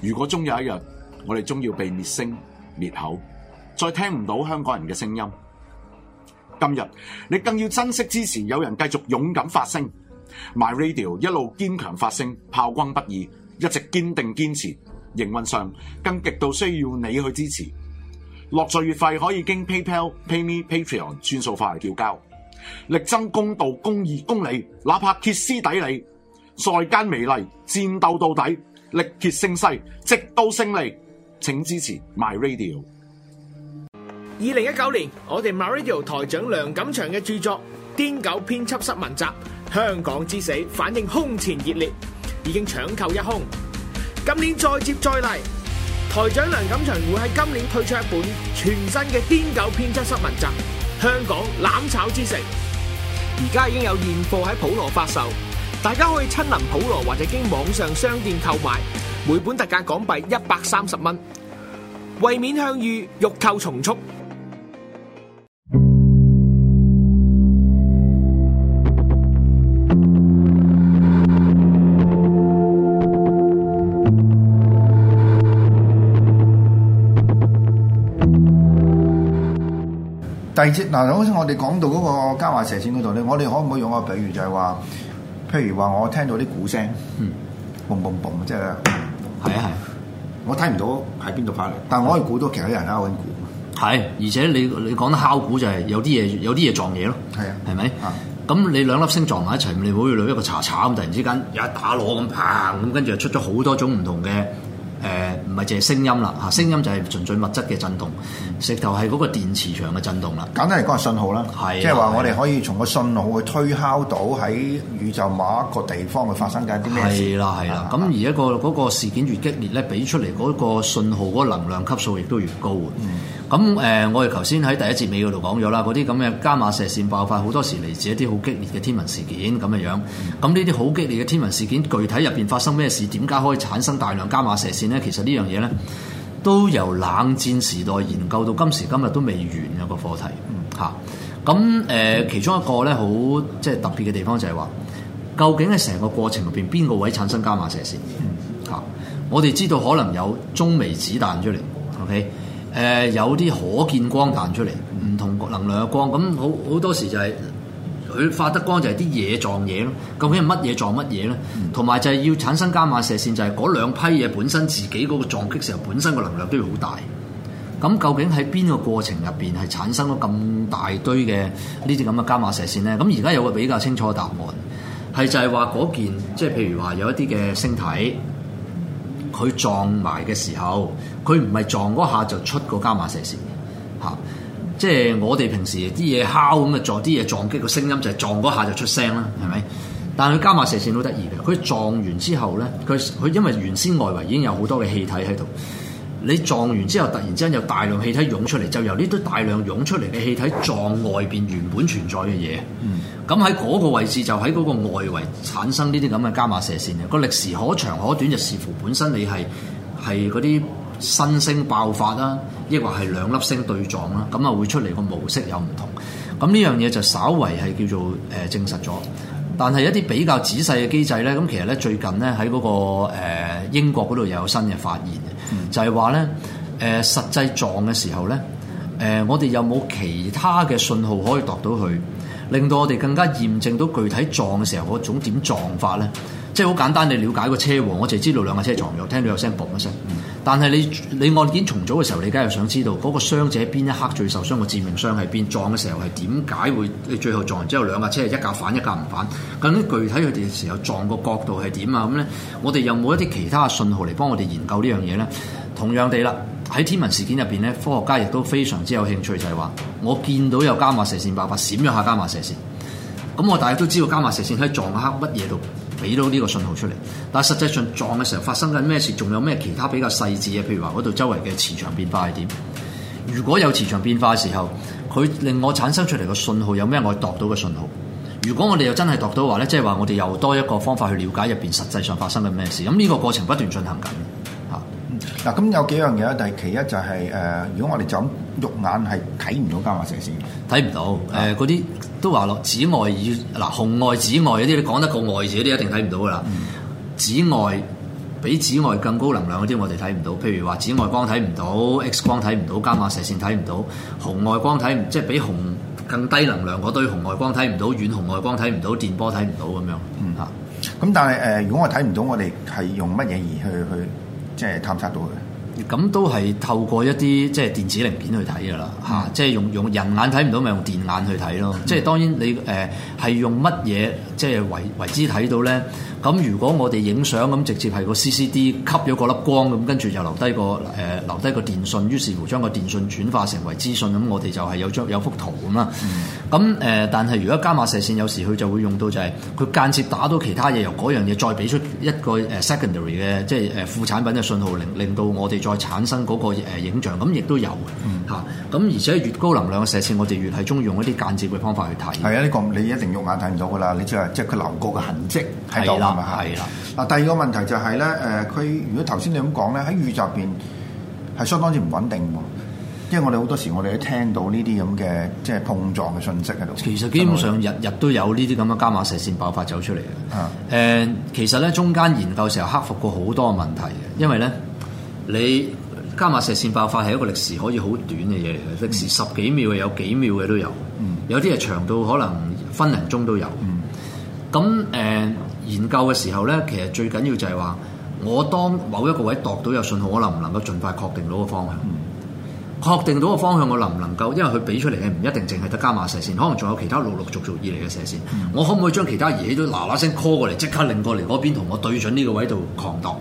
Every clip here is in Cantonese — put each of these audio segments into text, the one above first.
如果終有一日，我哋終要被滅聲滅口，再聽唔到香港人嘅聲音。今日你更要珍惜支持，有人繼續勇敢發聲，My Radio 一路堅強發聲，炮轟不已，一直堅定堅持。營運上更極度需要你去支持。落座月費可以經 PayPal、PayMe、Patreon 轉數化嚟繳交，力爭公道、公義、公理，哪怕歇斯底里，在間美麗，戰鬥到底。力竭勝勢，直到勝利！請支持 My Radio。二零一九年，我哋 My Radio 台長梁錦祥嘅著作《癲狗編輯室文集》香港之死反應空前熱烈，已經搶購一空。今年再接再厲，台長梁錦祥會喺今年推出一本全新嘅《癲狗編輯室文集》香港攬炒之城，而家已經有現貨喺普羅發售。大家可以親臨普羅或者經網上商店購買，每本特價港幣一百三十蚊，為免向隅欲購從速。第二節。嗱，好似我哋講到嗰個伽瑪射線嗰度咧，我哋可唔可以用個比喻就係話？譬如話，我聽到啲鼓聲，嘣嘣嘣，即係，係啊係，啊我睇唔到喺邊度發嚟。但係我可以估到其他啲人敲鼓。係、啊，而且你你講得敲鼓就係有啲嘢有啲嘢撞嘢咯。係啊，係咪吧？咁、啊、你兩粒聲撞埋一齊，你會有一個嚓查，咁，突然之間有一打鑼咁砰咁，跟住就出咗好多種唔同嘅。誒唔係淨係聲音啦嚇，聲音就係純粹物質嘅震動，石頭係嗰個電磁場嘅震動啦。簡單嚟講，係信號啦，係的即係話我哋可以從個信號去推敲到喺宇宙某一個地方嘅發生緊啲咩事。係啦，係啦。咁的而一個嗰個事件越激烈咧，俾出嚟嗰個信號嗰個能量級數亦都越高。嗯咁誒、呃，我哋頭先喺第一節尾嗰度講咗啦，嗰啲咁嘅伽瑪射線爆發好多時嚟自一啲好激烈嘅天文事件咁嘅樣。咁呢啲好激烈嘅天文事件，具體入邊發生咩事，點解可以產生大量伽瑪射線咧？其實呢樣嘢咧，都由冷戰時代研究到今時今日都未完有、一個課題。嚇、嗯！咁、嗯、誒、嗯嗯，其中一個咧好即係特別嘅地方就係話，究竟喺成個過程入邊邊個位產生伽瑪射線？嚇、嗯嗯嗯嗯！我哋知道可能有中微子彈出嚟，OK？誒有啲可見光彈出嚟，唔同能量嘅光，咁好好多時就係、是、佢發得光就係啲嘢撞嘢咯。究竟係乜嘢撞乜嘢咧？同埋、嗯、就係要產生伽瑪射線，就係、是、嗰兩批嘢本身自己嗰個撞擊時候，本身個能量都要好大。咁究竟喺邊個過程入邊係產生咗咁大堆嘅呢啲咁嘅伽瑪射線咧？咁而家有個比較清楚嘅答案，係就係話嗰件，即係譬如話有一啲嘅星體。佢撞埋嘅時候，佢唔係撞嗰下就出個伽瑪射線嘅，吓，即係我哋平時啲嘢敲咁啊，撞啲嘢撞擊個聲音就係撞嗰下就出聲啦，係咪？但係佢伽瑪射線好得意嘅，佢撞完之後咧，佢佢因為原先外圍已經有好多嘅氣體喺度。你撞完之後，突然之間有大量氣體湧出嚟，就由呢堆大量湧出嚟嘅氣體撞外邊原本存在嘅嘢。嗯，咁喺嗰個位置就喺嗰個外圍產生呢啲咁嘅伽瑪射線嘅，個歷時可長可短，就視乎本身你係係嗰啲新星爆發啦，抑或係兩粒星對撞啦，咁啊會出嚟個模式有唔同。咁呢樣嘢就稍為係叫做誒、呃、證實咗，但係一啲比較仔細嘅機制咧，咁其實咧最近咧喺嗰個、呃、英國嗰度又有新嘅發現。就係話咧，誒、呃、實際撞嘅時候咧，誒、呃、我哋有冇其他嘅信號可以度到佢，令到我哋更加驗證到具體撞嘅時候嗰種點撞法咧？即係好簡單地了解個車禍，我淨係知道兩架車撞咗，聽到有聲嘣一聲。嗯。但係你你案件重組嘅時候，你梗係想知道嗰個傷者邊一刻最受傷，個致命傷係邊撞嘅時候係點解會？你最後撞完之後，兩架車係一架反一架唔反，究竟具體佢哋嘅時候撞個角度係點啊？咁咧，我哋有冇一啲其他嘅信號嚟幫我哋研究呢樣嘢咧？同樣地啦，喺天文事件入邊咧，科學家亦都非常之有興趣，就係、是、話我見到有伽馬射線爆發閃咗下伽馬射線，咁我大家都知道伽馬射線係撞喺乜嘢度？俾到呢個信號出嚟，但係實際上撞嘅時候發生緊咩事，仲有咩其他比較細緻嘅？譬如話嗰度周圍嘅磁場變化係點？如果有磁場變化嘅時候，佢令我產生出嚟嘅信號有咩我度到嘅信號？如果我哋又真係度到嘅話咧，即係話我哋又多一個方法去了解入面實際上發生緊咩事？咁呢個過程不斷進行緊。嗱，咁、嗯、有幾樣嘢啦。第其一就係、是、誒、呃，如果我哋就咁肉眼係睇唔到伽瑪射線，睇唔到誒，嗰啲、嗯呃、都話落紫外要嗱、呃、紅外、紫外嗰啲，你講得個外字嗰啲一定睇唔到噶啦。嗯、紫外比紫外更高能量嗰啲，我哋睇唔到。譬如話紫外光睇唔到，X 光睇唔到，伽瑪射線睇唔到，紅外光睇唔即係比紅更低能量嗰堆紅外光睇唔到，遠紅外光睇唔到，電波睇唔到咁樣。嗯嚇，咁、嗯嗯、但係誒、呃，如果我睇唔到，我哋係用乜嘢而去去？即係探測到佢，咁都係透過一啲即係電子零件去睇㗎啦，嚇、嗯！即係用用人眼睇唔到咪用電眼去睇咯，嗯、即係當然你誒係用乜嘢？即係為為之睇到咧，咁如果我哋影相咁直接係個 CCD 吸咗個粒光咁，跟住就留低個誒留低個電信，於是乎將個電信轉化成為資訊咁，我哋就係有張有幅圖咁啦。咁誒，但係如果伽瑪射線，有時佢就會用到就係佢間接打到其他嘢，由嗰樣嘢再俾出一個誒 secondary 嘅即係誒副產品嘅信號，令令到我哋再產生嗰個影像。咁亦都有吓。咁而且越高能量嘅射線，我哋越係鍾意用一啲間接嘅方法去睇。係啊，呢個你一定用眼睇唔到㗎啦，你即係佢流過嘅痕跡喺度係咪係啦。嗱，第二個問題就係、是、咧，誒、呃，佢如果頭先你咁講咧，喺宇宙入邊係相當之唔穩定嘅，因為我哋好多時我哋都聽到呢啲咁嘅即係碰撞嘅訊息喺度。其實基本上日日都有呢啲咁嘅伽瑪射線爆發走出嚟嘅。誒的、呃，其實咧中間研究時候克服過好多問題嘅，因為咧你伽瑪射線爆發係一個歷時可以好短嘅嘢嚟嘅，歷時十幾秒嘅有幾秒嘅都有，嗯、有啲係長到可能分零鐘都有。嗯嗯。咁誒、呃、研究嘅時候呢，其實最緊要就係話，我當某一個位度讀到有信號，我能唔能夠盡快確定到個方向？嗯、確定到個方向，我能唔能夠？因為佢俾出嚟嘅唔一定淨係得加馬射線，可能仲有其他陸陸續續以嚟嘅射線。嗯、我可唔可以將其他儀器都嗱嗱聲 call 過嚟，即刻擰過嚟嗰邊同我對準呢個位度擴度？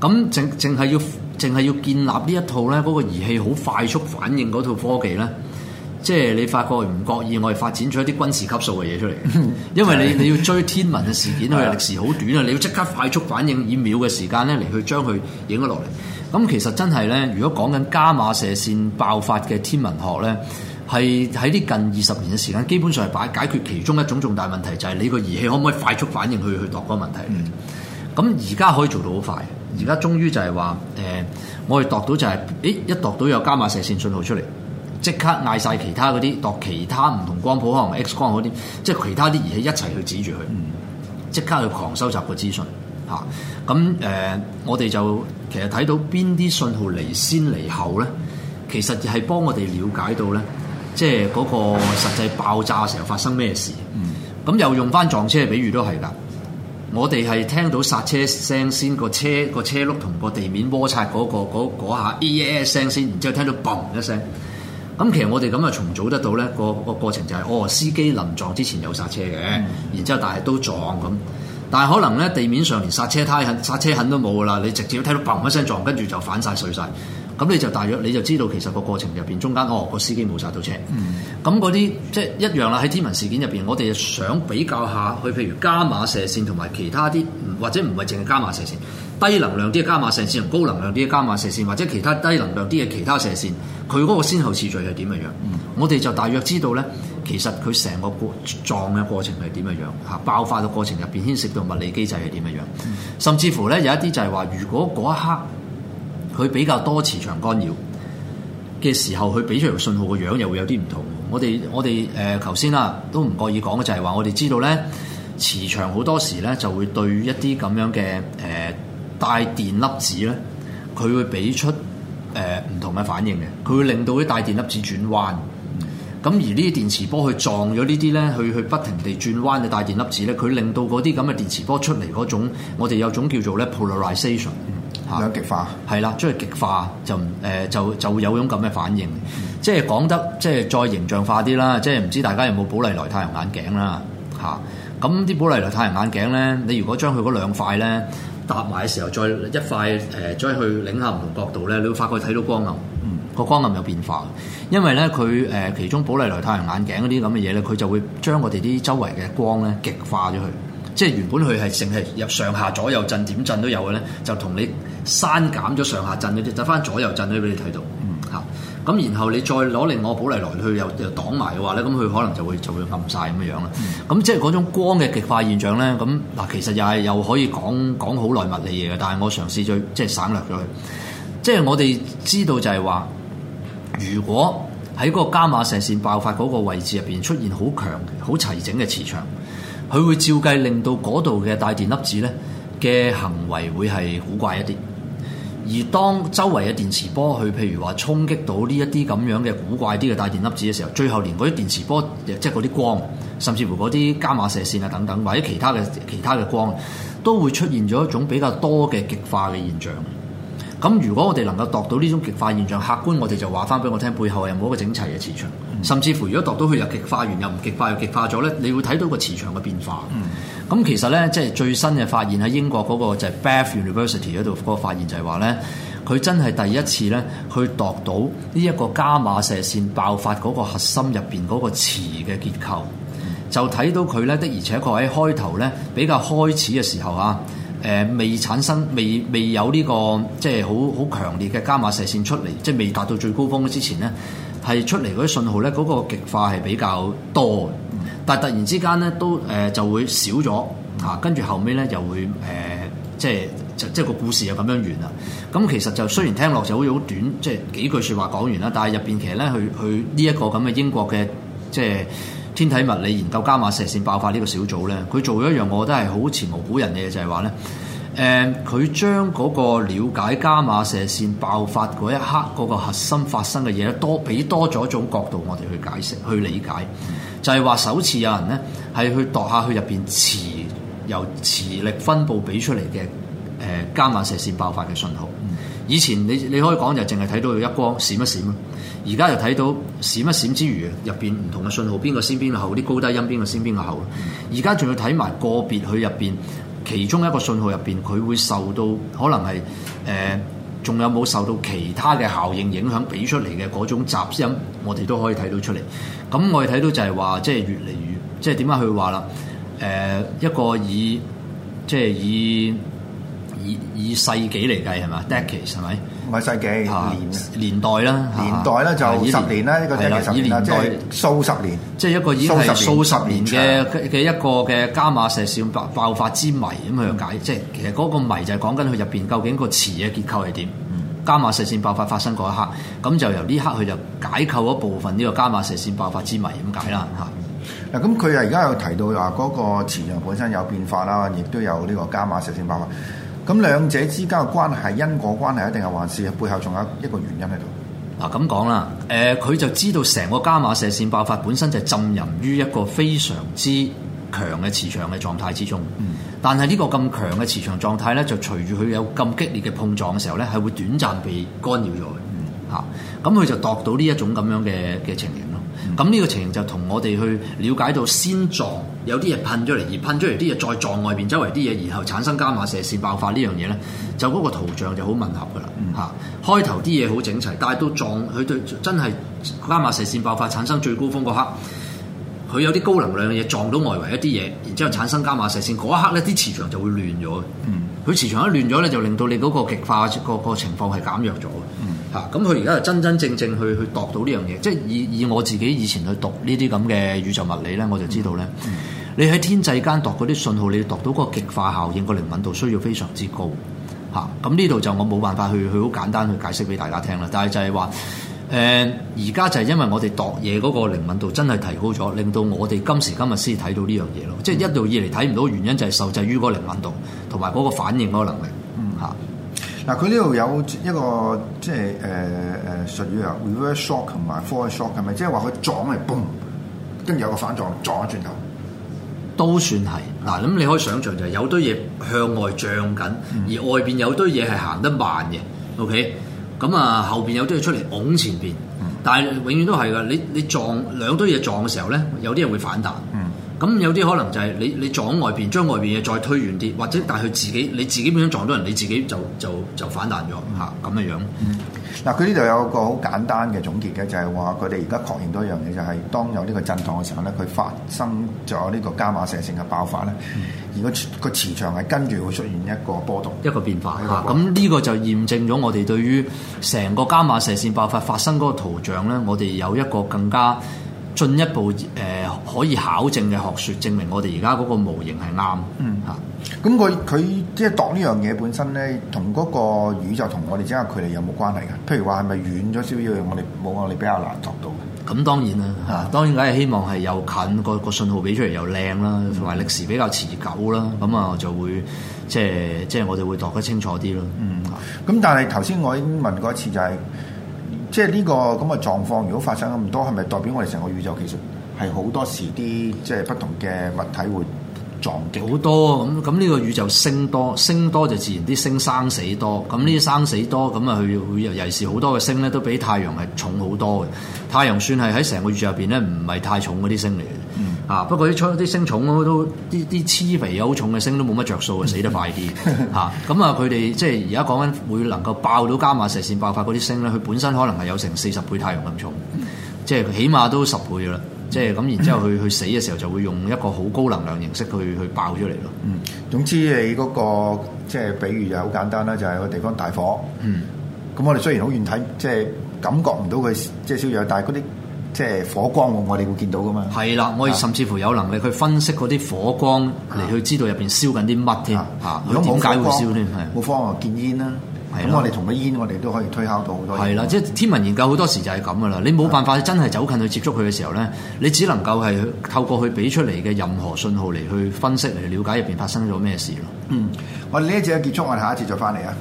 咁淨淨係要淨係要建立呢一套呢嗰、嗰個儀器好快速反應嗰套科技呢。即係你發覺唔覺意，我哋發展咗一啲軍事級數嘅嘢出嚟，因為你你要追天文嘅事件，佢 歷史好短啊！你要即刻快速反應，以秒嘅時間咧嚟去將佢影咗落嚟。咁其實真係咧，如果講緊伽瑪射線爆發嘅天文學咧，係喺啲近二十年嘅時間，基本上係解解決其中一種重大問題，就係、是、你個儀器可唔可以快速反應去去度嗰個問題。咁而家可以做到好快，而家終於就係話誒，我哋度到就係、是，誒、欸、一度到有伽瑪射線信號出嚟。即刻嗌晒其他嗰啲，度其他唔同光譜可能 X 光嗰啲，即係其他啲儀器一齊去指住佢，即刻去狂收集個資訊嚇。咁誒、呃，我哋就其實睇到邊啲信號嚟先嚟後咧，其實係幫我哋了解到咧，即係嗰個實際爆炸時候發生咩事。咁、嗯、又用翻撞車嘅比喻都係㗎，我哋係聽到剎車聲先，個車個車碌同個地面摩擦嗰個嗰嗰下咿咿聲先，然之後聽到嘣一聲。咁其實我哋咁啊重組得到呢個個過程就係、是、哦司機臨撞之前有剎車嘅，嗯、然之後但係都撞咁，但係可能呢地面上連剎車胎、剎車痕都冇噶啦，你直接睇到砰一聲撞，跟住就反晒碎晒。咁你就大約你就知道其實個過程入邊中間我個、哦、司機冇剎到車。咁嗰啲即係一樣啦。喺天文事件入邊，我哋想比較下，佢譬如伽瑪射線同埋其他啲，或者唔係淨係伽瑪射線，低能量啲嘅伽瑪射線同高能量啲嘅伽瑪射線，或者其他低能量啲嘅其他射線，佢嗰個先後次序係點樣樣？嗯、我哋就大約知道呢，其實佢成個，個撞嘅過程係點樣樣嚇？爆發嘅過程入邊牽涉到物理機制係點樣樣？嗯、甚至乎呢，有一啲就係話，如果嗰一刻，佢比較多磁場干擾嘅時候，佢俾出嚟信號嘅樣又會有啲唔同喎。我哋我哋誒頭先啦，都唔覺意講嘅就係話，我哋知道咧，磁場好多時咧就會對一啲咁樣嘅誒、呃、帶電粒子咧，佢會俾出誒唔、呃、同嘅反應嘅。佢會令到啲帶電粒子轉彎。咁而呢啲電磁波去撞咗呢啲咧，去去不停地轉彎嘅帶電粒子咧，佢令到嗰啲咁嘅電磁波出嚟嗰種，我哋有種叫做咧 polarization。兩極化係啦，即係、就是、極化就誒、呃、就就會有種咁嘅反應。嗯、即係講得即係再形象化啲啦，即係唔知大家有冇寶麗來太陽眼鏡啦嚇。咁、啊、啲寶麗來太陽眼鏡咧，你如果將佢嗰兩塊咧搭埋嘅時候，再一塊誒、呃、再去擰下唔同角度咧，你會發覺睇到光暗，個、嗯、光暗有變化。因為咧佢誒其中寶麗來太陽眼鏡嗰啲咁嘅嘢咧，佢就會將我哋啲周圍嘅光咧極化咗去。即係原本佢係淨係入上下左右震點震都有嘅咧，就同你刪減咗上下震嗰啲，就翻左右震嗰啲俾你睇到。嗯，咁，然後你再攞另外保麗來去又又擋埋嘅話咧，咁佢可能就會就會暗晒咁嘅樣啦。咁、嗯、即係嗰種光嘅極化現象咧，咁嗱其實又係又可以講講好耐物理嘢嘅，但係我嘗試咗，即係省略咗佢。即係我哋知道就係話，如果喺個伽瑪射線爆發嗰個位置入邊出現好強、好齊整嘅磁場。佢會照計令到嗰度嘅帶電粒子咧嘅行為會係古怪一啲，而當周圍嘅電磁波去譬如話衝擊到呢一啲咁樣嘅古怪啲嘅帶電粒子嘅時候，最後連嗰啲電磁波，即係嗰啲光，甚至乎嗰啲伽瑪射線啊等等，或者其他嘅其他嘅光，都會出現咗一種比較多嘅極化嘅現象。咁如果我哋能夠度到呢種極化現象，客觀我哋就話翻俾我聽，背後有冇一個整齊嘅磁場？嗯、甚至乎如果度到佢有極化完又唔極化又極化咗咧，你會睇到個磁場嘅變化。咁、嗯、其實咧，即係最新嘅發現喺英國嗰個就係 Bath University 嗰度嗰個發現就，就係話咧，佢真係第一次咧去度到呢一個伽馬射線爆發嗰個核心入邊嗰個磁嘅結構，嗯、就睇到佢咧的而且確喺開頭咧比較開始嘅時候啊。誒、呃、未產生未未有呢、這個即係好好強烈嘅伽瑪射線出嚟，即係未達到最高峰之前咧，係出嚟嗰啲信號咧，嗰、那個極化係比較多，但係突然之間咧，都誒、呃、就會少咗啊！跟住後尾咧，又會誒、呃、即係就即係個故事又咁樣完啦。咁其實就雖然聽落就好好短，即係幾句説話講完啦。但係入邊其實咧，佢佢呢一個咁嘅英國嘅即係。天體物理研究伽馬射線爆發呢個小組呢，佢做咗一樣，我覺得係好前無古人嘅嘢，就係話呢，誒、呃，佢將嗰個瞭解伽馬射線爆發嗰一刻嗰、嗰個核心發生嘅嘢多俾多咗一種角度，我哋去解釋、去理解，就係、是、話首次有人呢係去度下去入邊磁由磁力分布俾出嚟嘅誒伽馬射線爆發嘅信號。以前你你可以講就淨係睇到一光閃一閃咯，而家就睇到閃一閃之餘，入邊唔同嘅信號，邊個先邊個後，啲高低音邊個先邊個後。而家仲要睇埋個別佢入邊其中一個信號入邊，佢會受到可能係誒仲有冇受到其他嘅效應影響俾出嚟嘅嗰種雜音，我哋都可以睇到出嚟。咁我哋睇到就係話，即係越嚟越即係點解佢話啦？誒一個以即係以。以以世紀嚟計係嘛？decades 係咪？唔係世紀，年年代啦，年代啦、啊、就二十年啦呢個 decades 十年，年啊、年代，即係數十年，即係一個已經數十年嘅嘅一個嘅伽馬射線爆爆發之謎。咁、那、去、個、解。嗯、即係其實嗰個謎就係講緊佢入邊究竟個磁嘅結構係點。伽馬、嗯、射線爆發發，發生嗰一刻，咁就由呢刻佢就解構一部分呢個伽馬射線爆發之謎。咁、那個、解啦嚇。嗱咁佢啊而家有提到話嗰個磁場本身有變化啦，亦都有呢個伽馬射線爆發。咁兩者之間嘅關係，因果關係一定係還是背後仲有一個原因喺度？嗱咁講啦，誒、呃、佢就知道成個伽馬射線爆發本身就浸淫於一個非常之強嘅磁場嘅狀態之中。嗯、但係呢個咁強嘅磁場狀態呢就隨住佢有咁激烈嘅碰撞嘅時候呢係會短暫被干擾咗嘅。嗯。咁佢、嗯啊、就度到呢一種咁樣嘅嘅情形。咁呢、嗯、個情形就同我哋去了解到先撞有啲嘢噴出嚟，而噴出嚟啲嘢再撞外邊周圍啲嘢，然後產生伽瑪射線爆發呢樣嘢咧，嗯、就嗰個圖像就好吻合噶啦嚇。嗯、開頭啲嘢好整齊，但係到撞佢對真係伽瑪射線爆發產生最高峰嗰刻，佢有啲高能量嘅嘢撞到外圍一啲嘢，然之後產生伽瑪射線嗰一刻咧，啲磁場就會亂咗。嗯，佢磁場一亂咗咧，就令到你嗰個極化個個情況係減弱咗。嗯。嚇！咁佢而家就真真正正去去度到呢樣嘢，即係以以我自己以前去讀呢啲咁嘅宇宙物理咧，我就知道咧，嗯、你喺天際間度嗰啲信號，你要度到嗰個極化效應個靈敏度需要非常之高嚇。咁呢度就我冇辦法去去好簡單去解釋俾大家聽啦。但係就係話誒，而、呃、家就係因為我哋度嘢嗰個靈敏度真係提高咗，令到我哋今時今日先睇到呢樣嘢咯。嗯、即係一路以嚟睇唔到，原因就係受制於嗰個靈敏度同埋嗰個反應嗰個能力。嗯、啊嗱，佢呢度有一個即係誒誒術語啊，reverse shock 同埋 forward shock 係咪？即係話佢撞係嘣，跟住有個反撞撞咗轉頭，都算係嗱。咁你可以想象，就係有堆嘢向外漲緊，而外邊有堆嘢係行得慢嘅。OK，咁啊後邊有堆嘢出嚟拱前邊，但係永遠都係噶。你你撞兩堆嘢撞嘅時候咧，有啲人會反彈。咁有啲可能就係你你撞外邊，將外邊嘢再推遠啲，或者但係佢自己你自己本身撞到人，你自己就就就反彈咗嚇咁嘅樣。嗱，佢呢度有個好簡單嘅總結嘅，就係話佢哋而家確認到一樣嘢，就係當有呢個震盪嘅時候咧，佢發生咗呢個伽馬射線嘅爆發咧，如果個磁場係跟住會出現一個波動，一個變化嘅。咁呢個就驗證咗我哋對於成個伽馬射線爆發發生嗰個圖像咧，我哋有一個更加。進一步誒、呃、可以考證嘅學説，證明我哋而家嗰個模型係啱。嗯嚇，咁佢佢即係度呢樣嘢本身咧，同嗰個宇宙同我哋之間距離有冇關係㗎？譬如話係咪遠咗少少，我哋冇我哋比較難度到。咁當然啦嚇，當然梗係、啊、希望係又近個個信號俾出嚟又靚啦，同埋、嗯、歷史比較持久啦，咁啊就會即係即係我哋會度得清楚啲咯。嗯，咁、嗯、但係頭先我已經問過一次就係、是。即係呢個咁嘅狀況，如果發生咁多，係咪代表我哋成個宇宙其實係好多時啲即係不同嘅物體會撞擊好多？咁咁呢個宇宙升多，升多就自然啲星生死多。咁呢啲生死多，咁啊佢尤其是好多嘅星咧，都比太陽係重好多嘅。太陽算係喺成個宇宙入邊咧，唔係太重嗰啲星嚟。啊！不過啲出啲星重都啲啲黐肥有好重嘅星都冇乜着數嘅，死得快啲嚇。咁啊，佢哋即係而家講緊會能夠爆到伽瑪射線爆發嗰啲星咧，佢本身可能係有成四十倍太陽咁重，即係起碼都十倍啦。即係咁，然之後佢去死嘅時候就會用一個好高能量形式去去爆出嚟咯。嗯，總之你嗰個即係比如就好簡單啦，就係個地方大火。嗯，咁我哋雖然好遠睇，即係感覺唔到佢即係燒樣，但係嗰啲。即係火光喎，我哋會見到噶嘛？係啦，我甚至乎有能力去分析嗰啲火光嚟的去知道入邊燒緊啲乜添，如果點解會燒添？冇的方啊，見煙啦。咁我哋同個煙，我哋都可以推敲到好多。係啦，即係天文研究好多時就係咁噶啦。你冇辦法真係走近去接觸佢嘅時候咧，的你只能夠係透過佢俾出嚟嘅任何信號嚟去分析嚟了解入邊發生咗咩事咯。嗯，我哋呢一次結束，我哋下一次再翻嚟啊。